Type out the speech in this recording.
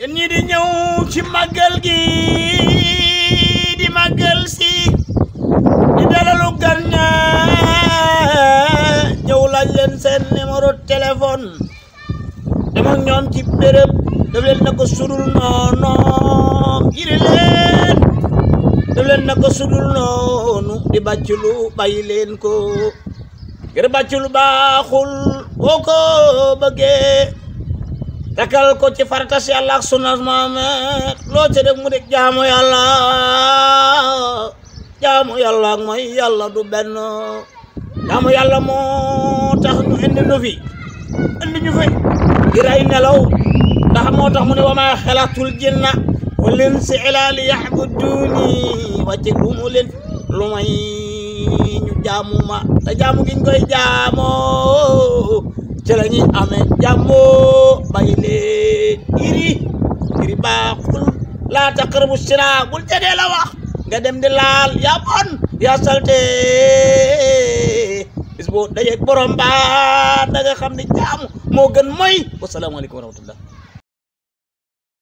yéen ñi di ñëw ci màggal gi di màggal si di dalalu gan ñëw laaj leen seen numéro téléphone dem ak ci béréb def leen na ko sudul na ko sudul noonu di bàcculu bàyyi leen ko ngir bàcculu baaxul boo ko bëggee tegal ko ci farata si ak sunna Muhammad loo ca mu def jaamu yàlla jaamu yàlla ak mooy yàlla du benn jaamu yàlla moo tax ñu indi ñu fi indi ñu nelaw ndax moo tax mu ne wa maa xalaqtul jinna wal insa illaa liya'buduuni wàcce gumu leen lu may jaamu ma te jaamu gi koy jaamoo ci la ñuy amee jàmmoo bàyyi leen iri iri baaxul laa taqrabu sina bul jege la wax nga dem di laal yaa bon yaa salte bis boo borom ba da nga xam ne jaamu moo gën mooy wasalaamaaleykum wa rahmatullah